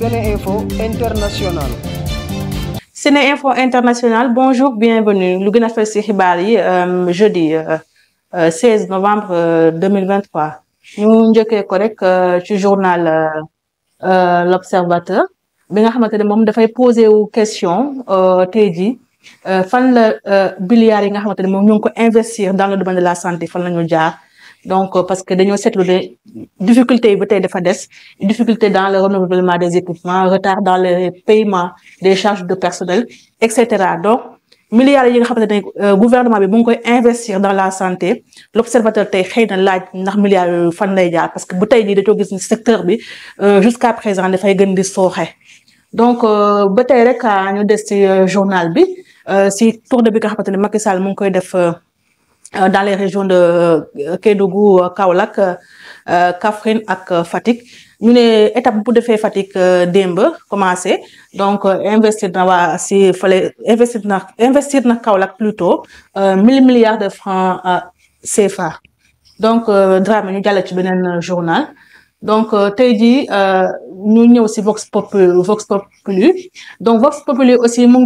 Sénéinfo International. Sénéinfo International bonjour bienvenue lu gën a fës ci xibaar yi euh, jeudi 16 euh, euh, novembre 2023 ñu njëkkee ko rek ci journal L'Observateur bi nga xamante ne moom dafay poser wu question tey jii fan la milliards yi nga xamante ne moom ñu ngi ko investir dans le domaine de la santé fan la ñu jaar. donc euh, parce que dañoo seetlu ne difficulté yi ba tey dafa des difficulté dans le renouvellement des équipements retard dans le paiement des charges de personnel et cetera donc milliards yi nga xamante ne euh, gouvernement bi mu ngi koy investir dans la santé l'observateur tey xëy na laaj ndax milliards yooyu fan lay jaar parce que bu tey nii dañoo gis ni secteur bi euh, jusqu'à présent dafay gën di sooxe donc ba tey rek ah, ñu des ci journal bi si tournée bi nga xamante ne Macky Sall mu ngi koy def. Euh, dans les régions de euh, Kédougou euh, Kaolack Kaffrine ak Fatick ñu ne étape bu defee Fatick démb commencé donc investir na waa si fale investir na investir na Kaolack plutôt mille milliards de francs CFA donc Dramé ñu jàll ci beneen journal donc tey jii ñu ñëw si Vox Populi Vox Populi donc Vox Populi aussi mu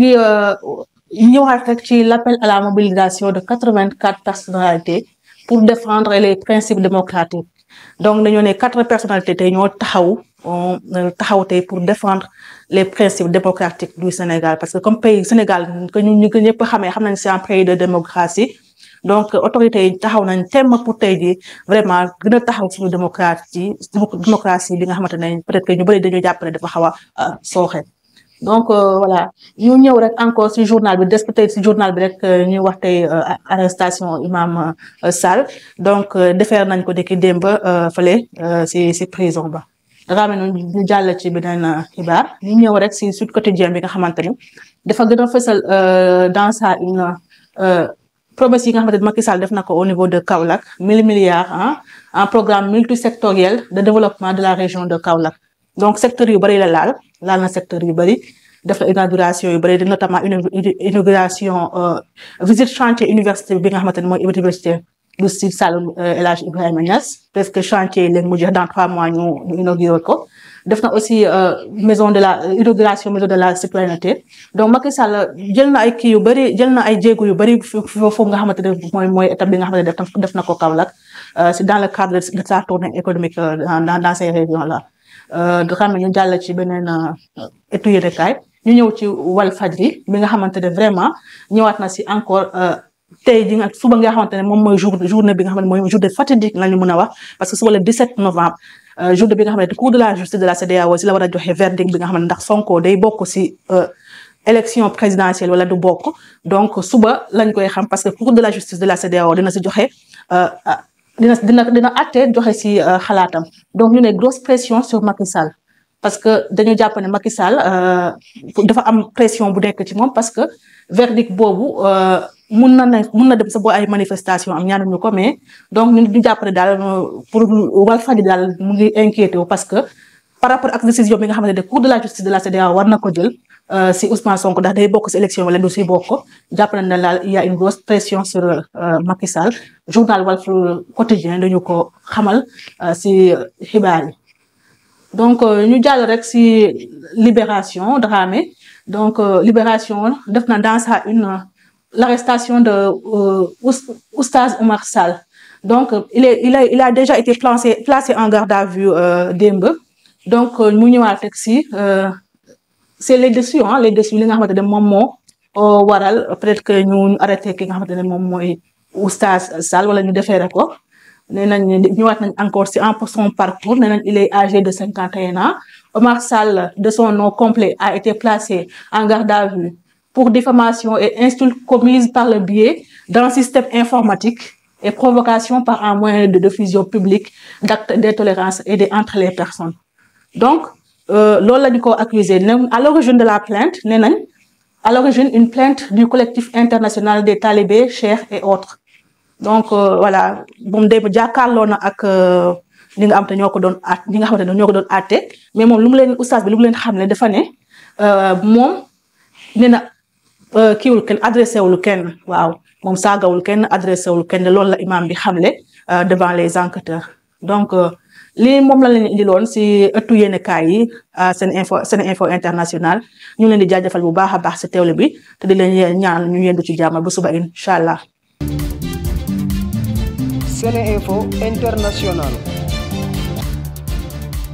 ñëwaat rek ci l'appel à la mobilisation de quatre-vingt-quatre personnalités pour défendre les principes démocratiques donc dañoo ne quatre personnalités tey ñoo taxaw euh, taxaw te pour défendre les principes démocratiques du Sénégal parce que comme pays Sénégal que ñu ñu ñëpp xamee xam nañ c'est un pays de démocratie donc autorités taxaw nañ temm pour tey jii vraiment gën a taxaw suñu démocratie démocratie bi nga xamante ne peut-être que ñu bëri dañoo jàpp ne dafa xaw a euh, sooxe donc euh, voilà ñu ñëw rek encore ci journal bi des tey ci journal bi rek euh, ñuy wax tey euh, arrestation imam Sall donc defer nañ ko dikki démb fële ci ci prison ba raame ñu jàll ci beneen xibaar ñu ñëw rek ci Sud Quotidien bi nga xamante ni dafa gën a fësal dans sa une promesse yi nga xamante ne Macky Sall def na ko au niveau de Kaolack mille milliards en programme multisectoriel de développement de la région de Kaolack donc secteur yu bëri la laal laal na secteur yu bëri def na inauguration yu bëri notamment inauguration euh, visite chantier université bi nga xamante ne mooy université du Sine Saloum euh, El Hadj Ibrahima Niass presque chantier yi léegi mu jeex dans trois mois ñu ñu ko def na aussi euh, maison de la inauguration maison de la citoyenneté donc Macky Sall jël na ay kii yu bëri jël na ay jéego yu bëri foofu nga xamante ne mooy mooy étape bi nga xamante ne def na ko Kaolack c'est dans le cadre de sa tournée économique dans dans ces régions nga euh, xam ne ñu jàll ci beneen euh, étude yëlekaay ñu ñëw ci wal fajri bi nga xamante ne vraiment ñëwaat na si encore euh, tey ji nga suba nga xamante ne moom mooy jour journée bi nga xam ne mooy journée fatidique la ñu mën a wax parce que suba le 17 novembre journée bi nga xam ne de la justice de la CEDEAO si la war joxe verdict bi nga ndax Sonko day bokk si élection présidentielle wala du bokk donc suba lañ koy xam parce que cour de la justice de la CEDEAO dina dina dina dina àtte joxe si euh, xalaatam donc ñu ne grosse pression sur Macky Sall parce que dañu jàpp ne Macky Sall euh, dafa am pression bu nekk ci moom parce que verdict boobu euh, mun na ne na dem sa boo ay manifestation am ñaanuñu ko mais donc ñu ñu jàpp daal pour Walfadjri daal mu ngi inquiété wu parce que par rapport ak décision bi de la justice de la CEDEAO war na ko jël Euh, si Ousmane Sonko ndax day bokk si élection wala du si bokk jàpp nañ ne daal il y une grosse pression sur euh, Macky Sall journal Walf quotidien dañu ko xamal si euh, xibaar donc ñu jàll rek si Libération Dramé donc Libération def na dans sa une l'arrestation de Oustaz Oumar Sall donc il est il a il a déjà été placé placé en garde à vue démb donc mu ñëwaat rek si. c'est les déçus ah les déçus li nga xamante ne moom moo euh, waral peut-être que ñu arrêté ki nga xamante ne moom mooy oustaz Sall wala ñu defeere ko nee nañ ñëwaat nañ encore en son parcours nee nañ il est âgé de cinquante et un ans Omar Sall de son nom complet a été placé en garde à vue pour diffamation et insulte commise par le biais d'un système informatique et provocation par un moyen de diffusion publique d'actes d'intolérance et de entre les personnes donc Euh, loolu la ñu ko accusé ne à l'origine de la plainte nee nañ à l'origine une plainte du collectif international des talibés Cheikh et autres donc euh, voilà moom dem jàkkaarloo na ak euh, ñi nga xam te ñoo ko doon at ñi nga xamante ne ñoo ko doon àtte mais moom lu mu leen oustaz bi lu mu leen xam ne dafa ne moom nee na kiiwul kenn adressé wul kenn waaw moom saagawul kenn adressé wul kenn loolu la imam bi xam le devant les enquêteurs donc. li moom la leen indiloon si ëttu yéenekaay yi seen info seen info international ñu leen di jaajëfal bu baax a baax si teewle bi te di leen ñaan ñu yendu ci jàmm bu suba incha allah. seen info international.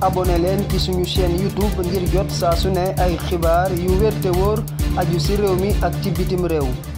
abonné leen ci suñu chaîne youtube ngir jot saa su ne ay xibaar yu wér te wóor aju si réew mi ak ci bitim réew.